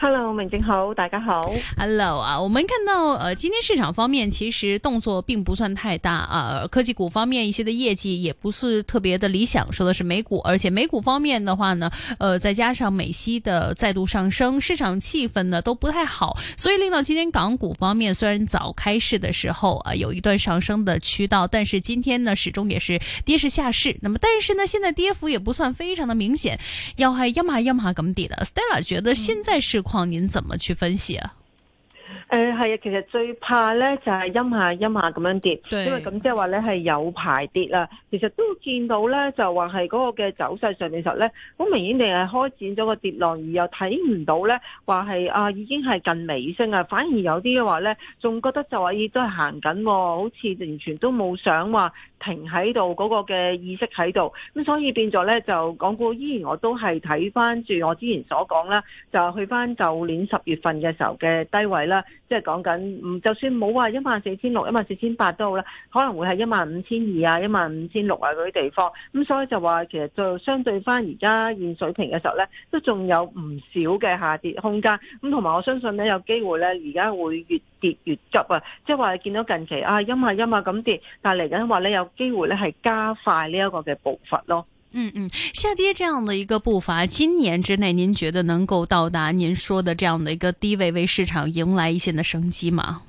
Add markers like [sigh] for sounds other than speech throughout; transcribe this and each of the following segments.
Hello，明靜好，大家好。Hello 啊，我們看到呃，今天市場方面其實動作並不算太大啊。科技股方面一些的業績也不是特別的理想，說的是美股，而且美股方面的話呢，呃，再加上美息的再度上升，市場氣氛呢都不太好，所以令到今天港股方面雖然早開市的時候啊有一段上升的渠道，但是今天呢始終也是跌勢下勢。那麼但是呢，現在跌幅也不算非常的明顯，要還要麼要麼怎麼地的？Stella 覺得現在是。況您怎麼去分析啊？誒、呃，係啊，其實最怕咧，就係陰下陰下咁樣跌，對，因為咁即係話咧，係有排跌啦。其實都見到咧，就話係嗰個嘅走勢上面其實咧，好明顯地係開展咗個跌浪，而又睇唔到，咧話係啊已經係近尾聲啊，反而有啲嘅話咧，仲覺得就話亦都係行緊，好似完全都冇想話。停喺度嗰個嘅意識喺度，咁所以變咗呢就港股依然我都係睇翻住我之前所講啦，就去翻舊年十月份嘅時候嘅低位啦，即係講緊，就算冇話一萬四千六、一萬四千八都好啦，可能會係一萬五千二啊、一萬五千六啊嗰啲地方，咁所以就話其實就相對翻而家現水平嘅時候呢，都仲有唔少嘅下跌空間，咁同埋我相信呢，有機會呢而家會越跌越急啊，即係話見到近期啊陰啊陰啊咁跌，但嚟緊話呢，有機會呢係加快呢一個嘅步伐咯。嗯嗯，下跌這樣的一個步伐，今年之內，您覺得能夠到達您說的這樣的一個低位，為市場迎來一線的生機嗎？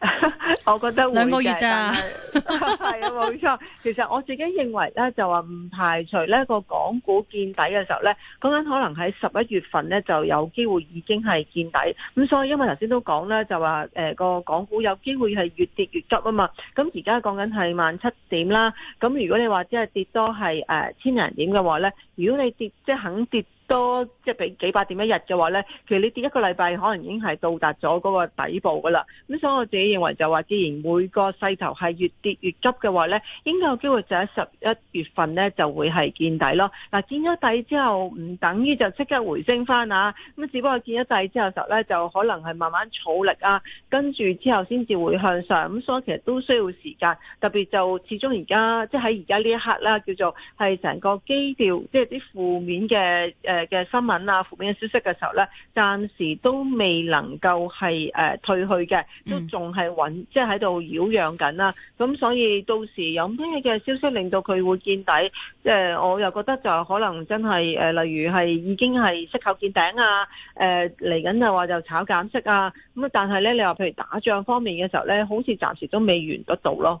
[laughs] 我覺得會兩個月咋，係 [laughs] [laughs] 啊，冇錯。其實我自己認為咧，就話唔排除咧個港股見底嘅時候咧，講緊可能喺十一月份咧就有機會已經係見底。咁所以因為頭先都講啦，就話誒個港股有機會係越跌越急啊嘛。咁而家講緊係萬七點啦。咁如果你話只係跌多係誒、呃、千零點嘅話咧，如果你跌即係、就是、肯跌。多即係俾幾百點一日嘅話呢，其實你跌一個禮拜可能已經係到達咗嗰個底部噶啦。咁所以我自己認為就話，既然每個勢頭係越跌越急嘅話呢，應該有機會就喺十一月份呢就會係見底咯。嗱，見咗底之後唔等於就即刻回升翻啊。咁只不過見咗底之後嘅時候呢就可能係慢慢儲力啊，跟住之後先至會向上。咁所以其實都需要時間，特別就始終而家即係喺而家呢一刻啦，叫做係成個基調，即係啲負面嘅誒嘅新聞啊，負面嘅消息嘅時候咧，暫時都未能夠係誒退去嘅，都仲係穩，即係喺度擾攘緊啦。咁、啊、所以到時有咩嘅消息令到佢會見底？即、呃、係我又覺得就可能真係誒、呃，例如係已經係息口見頂啊，誒嚟緊就話就炒減息啊。咁但係咧，你話譬如打仗方面嘅時候咧，好似暫時都未完得到咯。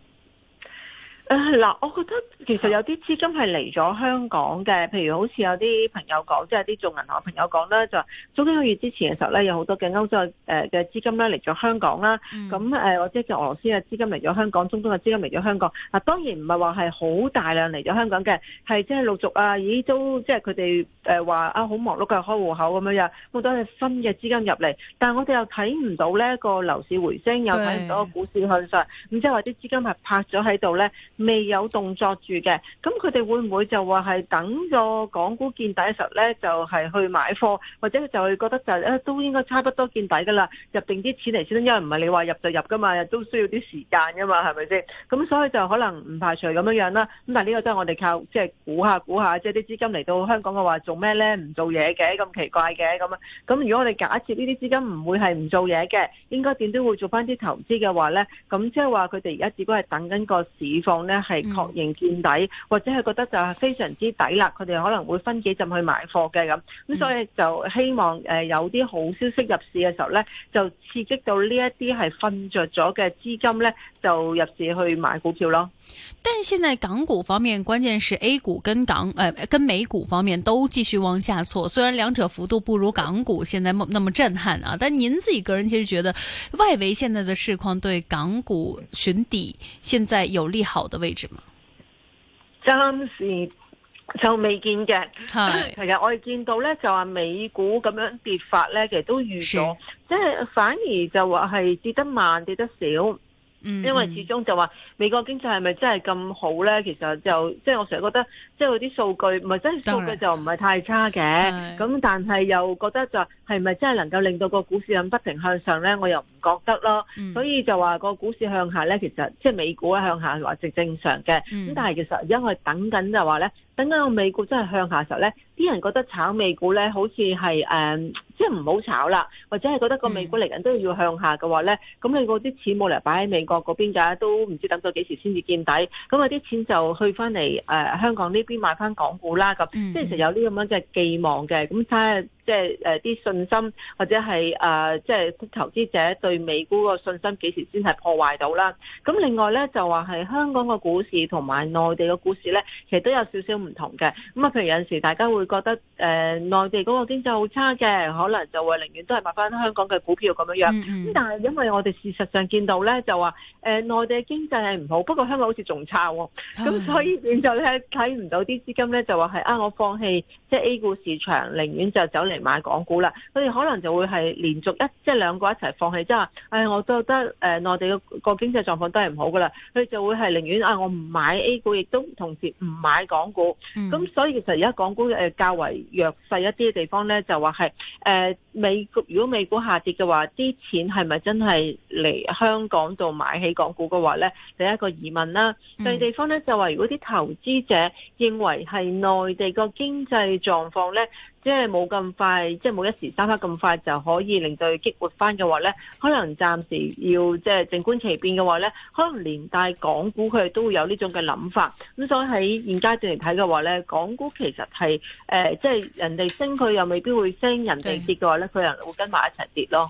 誒、呃、嗱，我覺得其實有啲資金係嚟咗香港嘅，譬如好似有啲朋友講，即係啲做銀行朋友講啦，就早幾個月之前嘅時候咧，有好多嘅歐洲誒嘅資金咧嚟咗香港啦。咁、嗯、誒、呃，我知就俄羅斯嘅資金嚟咗香港，中東嘅資金嚟咗香港。嗱，當然唔係話係好大量嚟咗香港嘅，係即係陸續啊，咦都即係佢哋誒話啊好忙碌嘅開戶口咁樣樣，好多係新嘅資金入嚟。但係我哋又睇唔到呢個樓市回升，又睇唔到個股市向上，咁即係話啲資金係拍咗喺度咧。未有動作住嘅，咁佢哋會唔會就話係等個港股見底嘅時候咧，就係、是、去買貨，或者佢就係覺得就誒、是、都應該差不多見底㗎啦，入定啲錢嚟先，因為唔係你話入就入㗎嘛，都需要啲時間㗎嘛，係咪先？咁所以就可能唔排除咁樣樣啦。咁但係呢個都係我哋靠即係、就是、估下估下，即係啲資金嚟到香港嘅話呢做咩咧？唔做嘢嘅咁奇怪嘅咁啊？咁如果我哋假設呢啲資金唔會係唔做嘢嘅，應該點都會做翻啲投資嘅話咧，咁即係話佢哋而家只不過係等緊個市況。咧係確認見底，或者係覺得就係非常之抵啦，佢哋可能會分幾陣去買貨嘅咁，咁所以就希望誒、呃、有啲好消息入市嘅時候呢，就刺激到呢一啲係瞓着咗嘅資金呢，就入市去買股票咯。但係現在港股方面，關鍵是 A 股跟港誒、呃、跟美股方面都繼續往下挫，雖然兩者幅度不如港股現在那麼震撼啊，但您自己個人其實覺得外圍現在的市況對港股尋底現在有利好嘅位置嘛，暫時就未見嘅。係其實我哋見到咧，就話美股咁樣跌法咧，其實都預咗，即係反而就話係跌得慢，跌得少。因為始終就話美國經濟係咪真係咁好咧？其實就即係我成日覺得，即係嗰啲數據唔係真係數據就唔係太差嘅，咁但係又覺得就係咪真係能夠令到個股市咁不停向上咧？我又唔覺得咯，嗯、所以就話個股市向下咧，其實即係美股啊向下係話正正常嘅，咁、嗯、但係其實而家等緊就話咧。等緊個美股真係向下時候咧，啲人覺得炒美股咧，好似係誒，即係唔好炒啦，或者係覺得個美股嚟緊都要向下嘅話咧，咁、嗯、你嗰啲錢冇嚟擺喺美國嗰邊㗎，都唔知等到幾時先至見底，咁啊啲錢就去翻嚟誒香港呢邊買翻港股啦，咁即係就有呢咁樣嘅寄望嘅，咁睇。即係誒啲信心，或者係誒即係投資者對美股個信心幾時先係破壞到啦？咁另外咧就話係香港嘅股市同埋內地嘅股市咧，其實都有少少唔同嘅。咁啊，譬如有陣時大家會覺得誒、呃、內地嗰個經濟好差嘅，可能就會寧願都係買翻香港嘅股票咁樣樣。咁、嗯嗯、但係因為我哋事實上見到咧，就話誒、呃、內地經濟係唔好，不過香港好似仲差喎、哦。咁、嗯、所以變咗咧睇唔到啲資金咧就話係啊，我放棄即係、就是、A 股市場，寧願就走嚟，買港股啦，佢哋可能就會係連續一即係、就是、兩個一齊放棄，即係話，誒、哎，我覺得誒、呃、內地、這個經濟狀況都係唔好噶啦，佢就會係寧願啊、哎，我唔買 A 股，亦都同時唔買港股。咁、嗯、所以其實而家港股誒較為弱勢一啲嘅地方咧，就話係誒美，如果美股下跌嘅話，啲錢係咪真係嚟香港度買起港股嘅話咧，第一個疑問啦。第、嗯、二地方咧就話，如果啲投資者認為係內地個經濟狀況咧。即係冇咁快，即係冇一時三刻咁快就可以令到佢激活翻嘅話咧，可能暫時要即係靜觀其變嘅話咧，可能連帶港股佢都會有呢種嘅諗法。咁所以喺現階段嚟睇嘅話咧，港股其實係誒，即係人哋升佢又未必會升，人哋跌嘅話咧，佢又會跟埋一齊跌咯。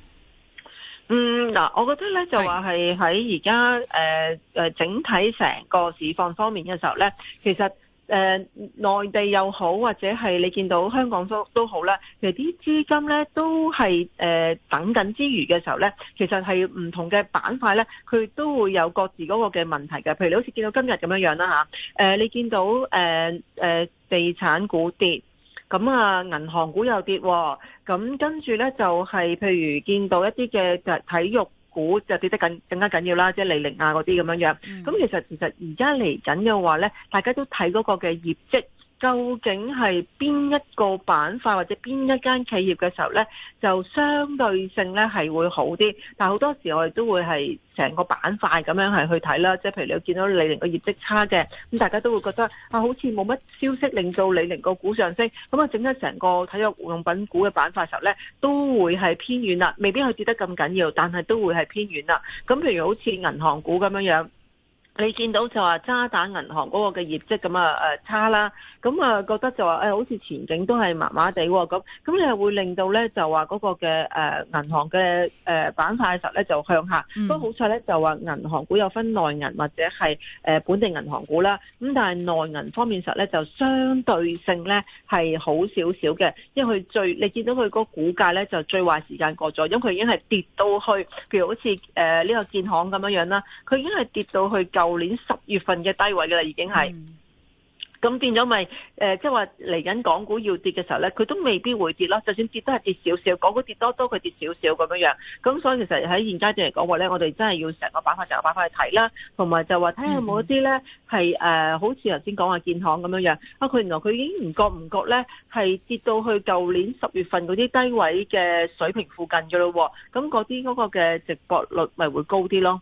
嗯，嗱，我覺得咧就話係喺而家誒整體成個市況方面嘅時候咧，其實誒內地又好，或者係你見到香港都都好啦。其實啲資金咧都係誒等緊之餘嘅時候咧，其實係唔同嘅板塊咧，佢都會有各自嗰個嘅問題嘅。譬如你好似見到今日咁樣樣啦嚇，誒你見到誒誒地產股跌。咁啊，銀行股又跌，咁跟住呢，就係，譬如見到一啲嘅體體育股就跌得更加緊要啦，即係李寧啊嗰啲咁樣樣。咁、嗯、其實其實而家嚟緊嘅話呢，大家都睇嗰個嘅業績。究竟係邊一個板塊或者邊一間企業嘅時候呢，就相對性呢係會好啲。但係好多時我哋都會係成個板塊咁樣係去睇啦。即係譬如看你見到李寧個業績差嘅，咁大家都會覺得啊，好似冇乜消息令到李寧個股上升。咁啊，整咗成個體育用品股嘅板塊嘅時候呢，都會係偏軟啦，未必佢跌得咁緊要，但係都會係偏軟啦。咁譬如好似銀行股咁樣樣。你見到就話渣打銀行嗰個嘅業績咁啊差啦，咁啊覺得就話好似前景都係麻麻地喎，咁咁你係會令到咧就話嗰個嘅誒銀行嘅誒板塊實咧就向下。不、嗯、過好彩咧就話銀行股有分內銀或者係誒本地銀行股啦，咁但係內銀方面實咧就相對性咧係好少少嘅，因為佢最你見到佢嗰個股價咧就最壞時間過咗，因為佢已經係跌到去，譬如好似誒呢個建行咁樣樣啦，佢已經係跌到去舊年十月份嘅低位嘅啦，已經係，咁變咗咪誒，即係話嚟緊港股要跌嘅時候咧，佢都未必會跌咯。就算跌都係跌少少，港股跌多多，佢跌少少咁樣樣。咁所以其實喺現階段嚟講話咧，我哋真係要成個板塊成個板塊去睇啦，同埋就話睇下有冇一啲咧係誒，好似頭先講話建行咁樣樣啊，佢原來佢已經唔覺唔覺咧，係跌到去舊年十月份嗰啲低位嘅水平附近嘅咯。咁嗰啲嗰個嘅直搏率咪會高啲咯。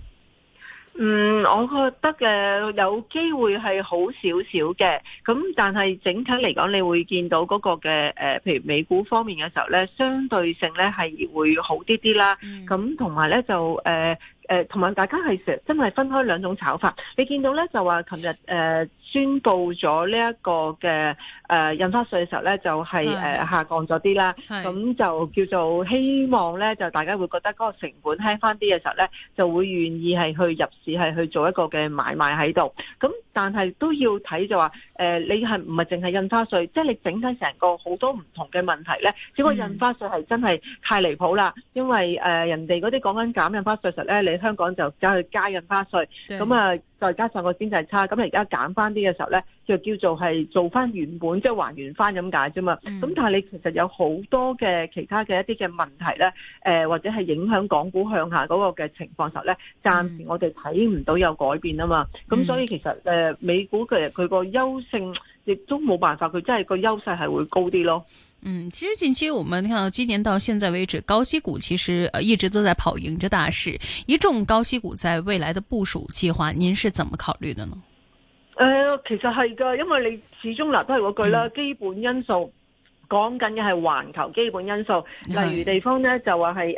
嗯，我覺得嘅、呃、有機會係好少少嘅，咁但係整體嚟講，你會見到嗰個嘅誒、呃，譬如美股方面嘅時候咧，相對性咧係會好啲啲啦。咁同埋咧就誒。呃誒、呃、同埋大家係成日真係分開兩種炒法，你見到咧就話，琴日誒宣布咗呢一個嘅誒、呃、印花稅嘅時候咧，就係、是、誒、呃、下降咗啲啦，咁就叫做希望咧，就大家會覺得嗰個成本輕翻啲嘅時候咧，就會願意係去入市係去做一個嘅買賣喺度，咁。但係都要睇就話，誒、呃，你係唔係淨係印花稅？即、就、係、是、你整體成個好多唔同嘅問題咧，只不過印花稅係真係太離譜啦。因為誒、呃，人哋嗰啲講緊減印花稅實咧，你香港就走去加印花稅，咁啊。嗯呃再加上個經濟差，咁而家減翻啲嘅時候咧，就叫做係做翻原本，即、就、係、是、還原翻咁解啫嘛。咁、嗯、但係你其實有好多嘅其他嘅一啲嘅問題咧，誒、呃、或者係影響港股向下嗰個嘅情況時候咧，暫時我哋睇唔到有改變啊嘛。咁、嗯、所以其實誒美股嘅佢個優勝。亦都冇辦法，佢真係個優勢係會高啲咯。嗯，其實近期我們睇到今年到現在為止，高息股其實一直都在跑贏着大市。一眾高息股在未來的部署計劃，您是怎麼考慮的呢？誒、呃，其實係噶，因為你始終嗱都係嗰句啦、嗯，基本因素講緊嘅係環球基本因素，例如地方呢、嗯、就話係誒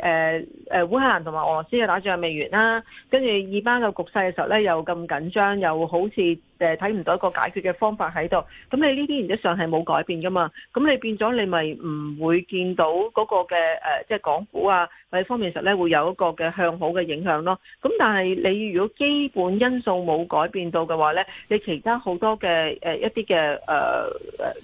誒烏克蘭同埋俄羅斯嘅打仗未完啦，跟住二班嘅局勢嘅時候呢，又咁緊張，又好似。誒睇唔到一個解決嘅方法喺度，咁你呢啲原則上係冇改變噶嘛？咁你變咗你咪唔會見到嗰個嘅即係港股啊，或者方面實咧會有一個嘅向好嘅影響咯。咁但係你如果基本因素冇改變到嘅話咧，你其他好多嘅、呃、一啲嘅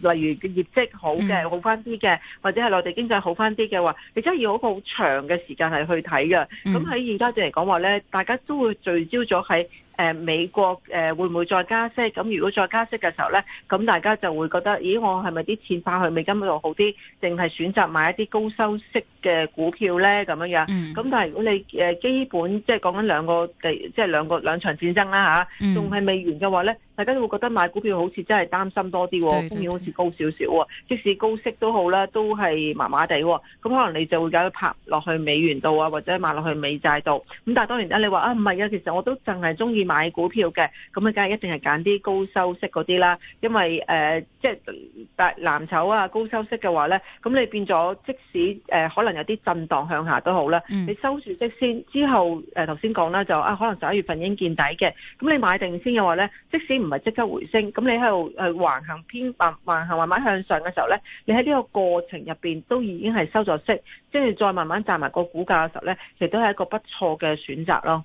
誒，例如嘅業績好嘅好翻啲嘅，或者係內地經濟好翻啲嘅話，你真係要好好長嘅時間係去睇嘅。咁喺現階段嚟講話咧，大家都會聚焦咗喺。誒美國誒會唔會再加息？咁如果再加息嘅時候咧，咁大家就會覺得，咦，我係咪啲錢返去美金度好啲，定係選擇買一啲高收息嘅股票咧？咁樣樣。咁、嗯、但係如果你誒基本即係講緊兩個地，即係兩個兩場戰爭啦嚇，仲係未完嘅話咧。大家都會覺得買股票好似真係擔心多啲，風險好似高少少喎。即使高息都好啦，都係麻麻地喎。咁可能你就會揀拍落去美元度啊，或者買落去美債度。咁但係當然啦，你話啊唔係啊，其實我都淨係中意買股票嘅。咁啊，梗係一定係揀啲高收息嗰啲啦。因為誒、呃，即係大藍籌啊，高收息嘅話咧，咁你變咗即使誒、呃、可能有啲震盪向下都好啦，你收住息先。之後誒頭先講啦，就啊可能十一月份已經見底嘅。咁你買定先嘅話咧，即使唔唔係即刻回升，咁你喺度係橫行偏慢，橫行慢慢向上嘅時候咧，你喺呢個過程入邊都已經係收咗息，即係再慢慢賺埋個股價嘅時候咧，亦都係一個不錯嘅選擇咯。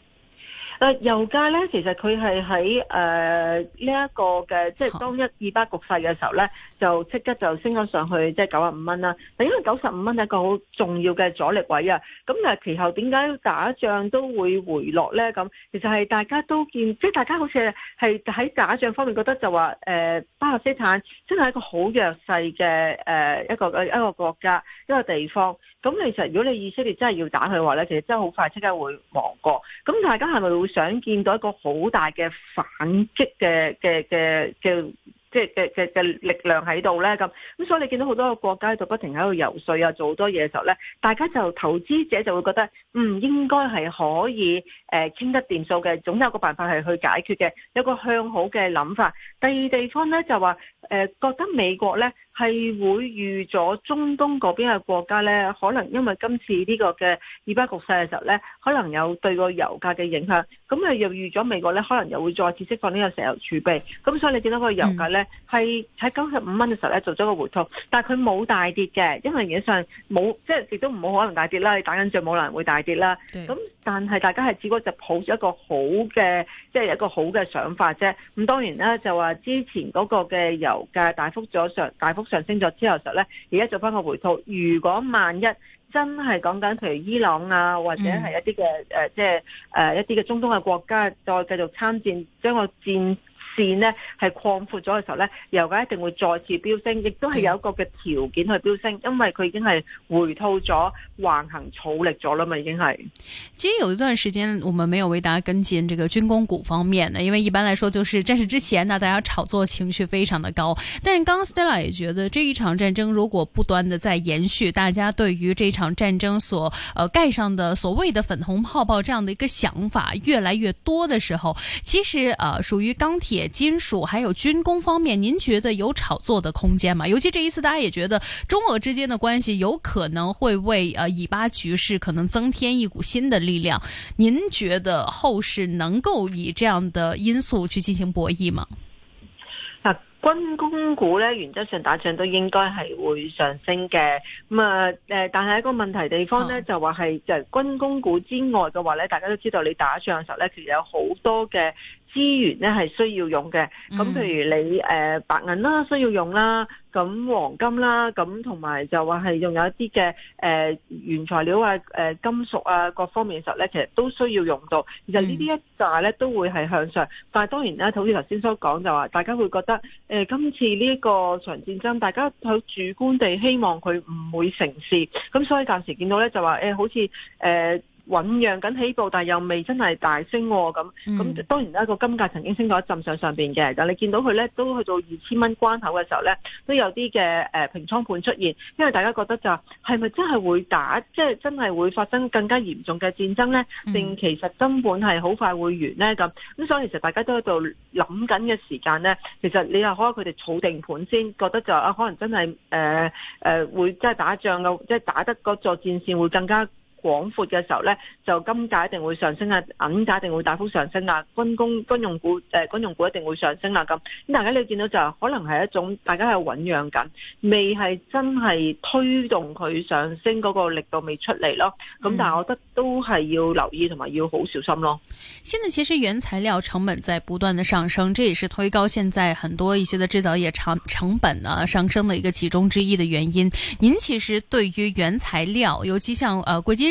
但油價咧，其實佢係喺誒呢一個嘅，即係當一二八局勢嘅時候咧，就即刻就升咗上去，即係九十五蚊啦。但因為九十五蚊係一個好重要嘅阻力位啊。咁但係其後點解打仗都會回落呢？咁其實係大家都見，即、就、係、是、大家好似係喺打仗方面覺得就話，誒、呃，巴勒斯坦真係一個好弱勢嘅誒一個一個國家一個地方。咁其實如果你以色列真係要打佢嘅話呢，其實真係好快即刻會亡國。咁大家係咪會想見到一個好大嘅反擊嘅嘅嘅嘅？的的的即係嘅嘅嘅力量喺度咧咁，咁所以你見到好多個國家就不停喺度遊說啊，做好多嘢嘅時候咧，大家就投資者就會覺得，嗯，應該係可以誒傾得掂數嘅，總有個辦法係去解決嘅，有個向好嘅諗法。第二地方咧就話誒覺得美國咧。係會預咗中東嗰邊嘅國家咧，可能因為今次呢個嘅以巴局勢嘅時候咧，可能有對個油價嘅影響，咁啊又預咗美國咧，可能又會再次釋放呢個石油儲備，咁所以你見到個油價咧係喺九十五蚊嘅時候咧做咗個回吐，但係佢冇大跌嘅，因為影則上冇即係亦都唔冇可能大跌啦，你打緊仗冇可能會大跌啦，咁。但係大家係只不過就抱住一個好嘅，即係一個好嘅想法啫。咁當然啦，就話之前嗰個嘅油價大幅咗上，大幅上升咗之後，實咧而家做翻個回吐。如果萬一真係講緊譬如伊朗啊，或者係一啲嘅誒，即係誒一啲嘅中東嘅國家再繼續參戰，將個戰線呢係擴闊咗嘅時候呢，油價一定會再次飆升，亦都係有一個嘅條件去飆升，因為佢已經係回吐咗、橫行儲力咗啦嘛，已經係。其實有一段時間，我們沒有為大家跟進這個軍工股方面嘅，因為一般來說，就是戰事之前啊呢，大家炒作情緒非常的高。但剛 Stella 也覺得，這一場戰爭如果不斷的在延續，大家對於這場戰爭所呃蓋上的所謂的粉紅泡泡這樣的一個想法越來越多的時候，其實呃屬於鋼鐵。金屬還有軍工方面，您覺得有炒作的空間嗎？尤其這一次，大家也覺得中俄之間的關係有可能會為呃以巴局勢可能增添一股新的力量。您覺得後市能夠以這樣的因素去進行博弈嗎？嗱、啊，軍工股呢，原則上打仗都應該係會上升嘅。咁、嗯、啊，誒、呃，但係一個問題地方呢，嗯、就話係就係、軍工股之外嘅話呢，大家都知道你打仗嘅時候呢，其實有好多嘅。資源咧係需要用嘅，咁譬如你誒、呃、白銀啦需要用啦，咁黃金啦，咁同埋就話係用有一啲嘅誒原材料啊、呃、金屬啊各方面嘅時候咧，其實都需要用到。其實呢啲一紮咧都會係向上，但係當然呢，好似頭先所講就話，大家會覺得誒、呃、今次呢個長戰爭，大家好主觀地希望佢唔會成事，咁所以暫時見到咧就話、呃、好似誒。呃穩釀緊起步，但係又未真係大升咁。咁、嗯嗯、當然一個金價曾經升到一陣上上邊嘅，但你見到佢咧都去到二千蚊關口嘅時候咧，都有啲嘅誒平倉盤出現，因為大家覺得就係、是、咪真係會打，即、就、係、是、真係會發生更加嚴重嘅戰爭咧？定、嗯、其實根本係好快會完咧？咁咁所以其實大家都喺度諗緊嘅時間咧，其實你又可能佢哋儲定盤先，覺得就是、啊可能真係誒誒會真係打仗嘅，即係打得嗰座戰線會更加，廣闊嘅時候咧，就金價一定會上升啊，銀價一定會大幅上升啊，軍工軍用股誒、呃，軍用股一定會上升啊。咁咁大家你見到就可能係一種，大家係有醞釀緊，未係真係推動佢上升嗰、那個力度未出嚟咯。咁但係我覺得都係要留意同埋要好小心咯、嗯。現在其實原材料成本在不斷地上升，這也是推高現在很多一些的製造業成成本啊上升的一個其中之一的原因。您其實對於原材料，尤其像誒貴金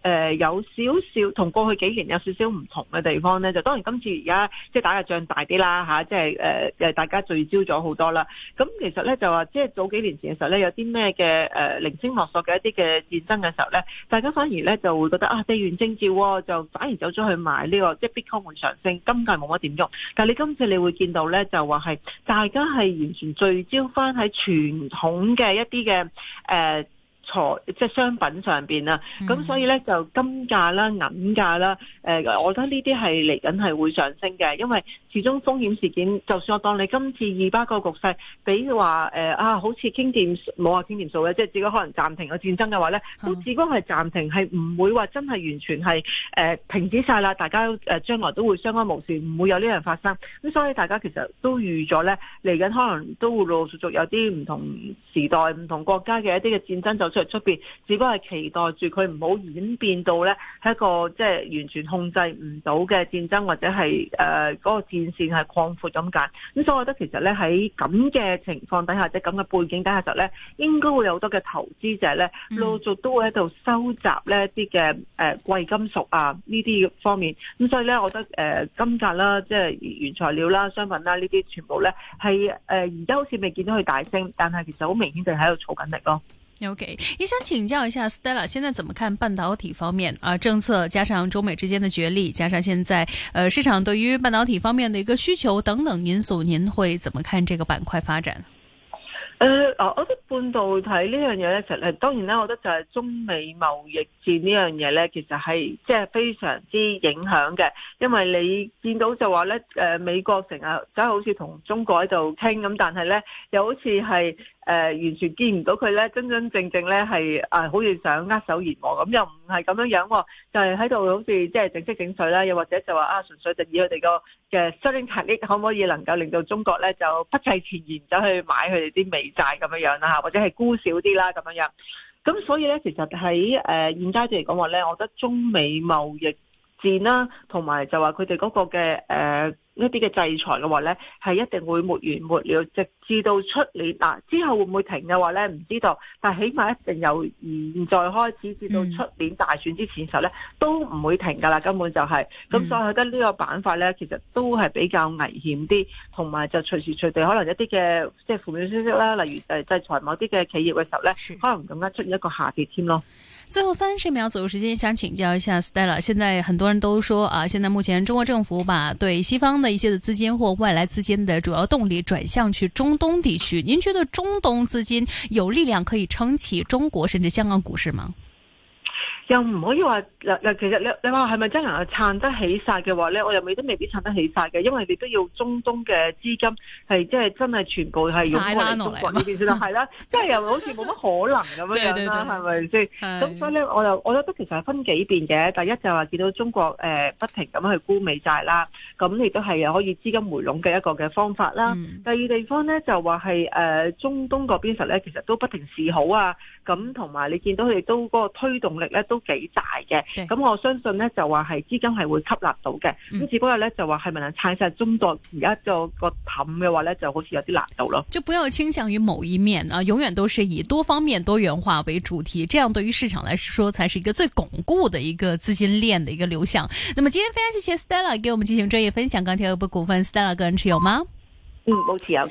誒、呃、有少少同過去幾年有少少唔同嘅地方咧，就當然今次而家即係打嘅仗大啲啦嚇、啊，即係誒、呃、大家聚焦咗好多啦。咁其實咧就話，即係早幾年前嘅時候咧，有啲咩嘅誒零星落索嘅一啲嘅戰爭嘅時候咧，大家反而咧就會覺得啊地緣政治、哦、就反而走咗去買呢、這個即係 Bitcoin 會上升，今屆冇乜點喐。但你今次你會見到咧，就話係大家係完全聚焦翻喺傳統嘅一啲嘅誒。呃錯即係商品上邊啦，咁、嗯、所以咧就金價啦、銀價啦，誒、呃，我覺得呢啲係嚟緊係會上升嘅，因為始終風險事件，就算我當你今次二巴個局勢，比如話誒、呃、啊，好似傾掂冇話傾掂數嘅，即係只不過可能暫停個戰爭嘅話咧，都只不過係暫停，係唔會話真係完全係誒、呃、停止晒啦，大家誒將來都會相安無事，唔會有呢樣發生。咁所以大家其實都預咗咧，嚟緊可能都會陸陸續續有啲唔同時代、唔同國家嘅一啲嘅戰爭就出。出邊只不過係期待住佢唔好演變到呢，係一個即係、就是、完全控制唔到嘅戰爭或者係誒嗰個戰線係擴闊咁解，咁所以我覺得其實呢，喺咁嘅情況底下，即係咁嘅背景底下就呢應該會有好多嘅投資者呢，陸續都會喺度收集呢啲嘅誒貴金屬啊呢啲方面，咁所以呢，我覺得誒、呃、金價啦，即、就、係、是、原材料啦、商品啦呢啲全部呢，係誒而家好似未見到佢大升，但係其實好明顯就喺度儲緊力咯。o、okay. 你想請教一下 Stella，現在怎麼看半導體方面啊？政策加上中美之間的角力，加上現在、呃，市場對於半導體方面的一個需求等等因素，您會怎麼看這個板塊發展？誒、呃，我覺得半導體呢樣嘢呢，其實當然啦，我覺得就係中美貿易戰呢樣嘢呢，其實係即係非常之影響嘅，因為你見到就話呢，誒、呃，美國成日真好似同中國喺度傾咁，但係呢又好似係。誒、呃，完全見唔到佢咧，真真正正咧係誒，好似想握手言和咁，又唔係咁樣樣、啊，就係喺度好似即係整色整水啦，又或者就話啊，純粹就以佢哋個嘅收領差益，可唔可以能夠令到中國咧就不計前嫌走去買佢哋啲美債咁樣樣啦吓，或者係沽少啲啦咁樣樣。咁所以咧，其實喺誒、呃，現階段嚟講話咧，我覺得中美貿易戰啦、啊，同埋就話佢哋嗰個嘅誒。呃一啲嘅制裁嘅話咧，係一定會沒完沒了，直至到出年啊之後會唔會停嘅話咧，唔知道。但起碼一定由現在開始至到出年大選之前嘅時候咧，都唔會停噶啦，根本就係、是。咁所以我覺得個呢個板塊咧，其實都係比較危險啲，同埋就隨時隨地可能一啲嘅即係負面消息啦，例如誒制裁某啲嘅企業嘅時候咧，可能更加出現一個下跌添咯。最後三十秒左右時間，想請教一下 Stella，現在很多人都說啊，現在目前中國政府把對西方嘅一些的資金或外來資金的主要動力轉向去中東地區，您覺得中東資金有力量可以撐起中國甚至香港股市嗎？又唔可以話嗱嗱，其實你你話係咪真能去撐得起晒嘅話咧，我又未都未必撐得起晒嘅，因為你都要中東嘅資金係即係真係全部係用翻嚟中國呢邊先得，係啦，即係又好似冇乜可能咁樣啦，係咪先？咁所以咧，我就我覺得其實係分幾邊嘅，第一就係話見到中國誒、呃、不停咁去沽美債啦，咁亦都係可以資金回籠嘅一個嘅方法啦、嗯。第二地方咧就話係誒中東嗰邊實咧，其實都不停示好啊。咁同埋你見到佢哋都個推動力咧都幾大嘅，咁我相信咧就話係資金係會吸納到嘅。咁、嗯、只不過咧就話係咪能撐晒中檔而家就個氹嘅話咧就好似有啲難度咯。就不要傾向於某一面啊，永遠都是以多方面多元化為主題，這樣對於市場來說才是一個最鞏固的一個資金鏈的一個流向。那麼今天非常謝謝 Stella 給我們進行專業分享，鋼鐵股股份 Stella 個人持有嗎？嗯，冇持有。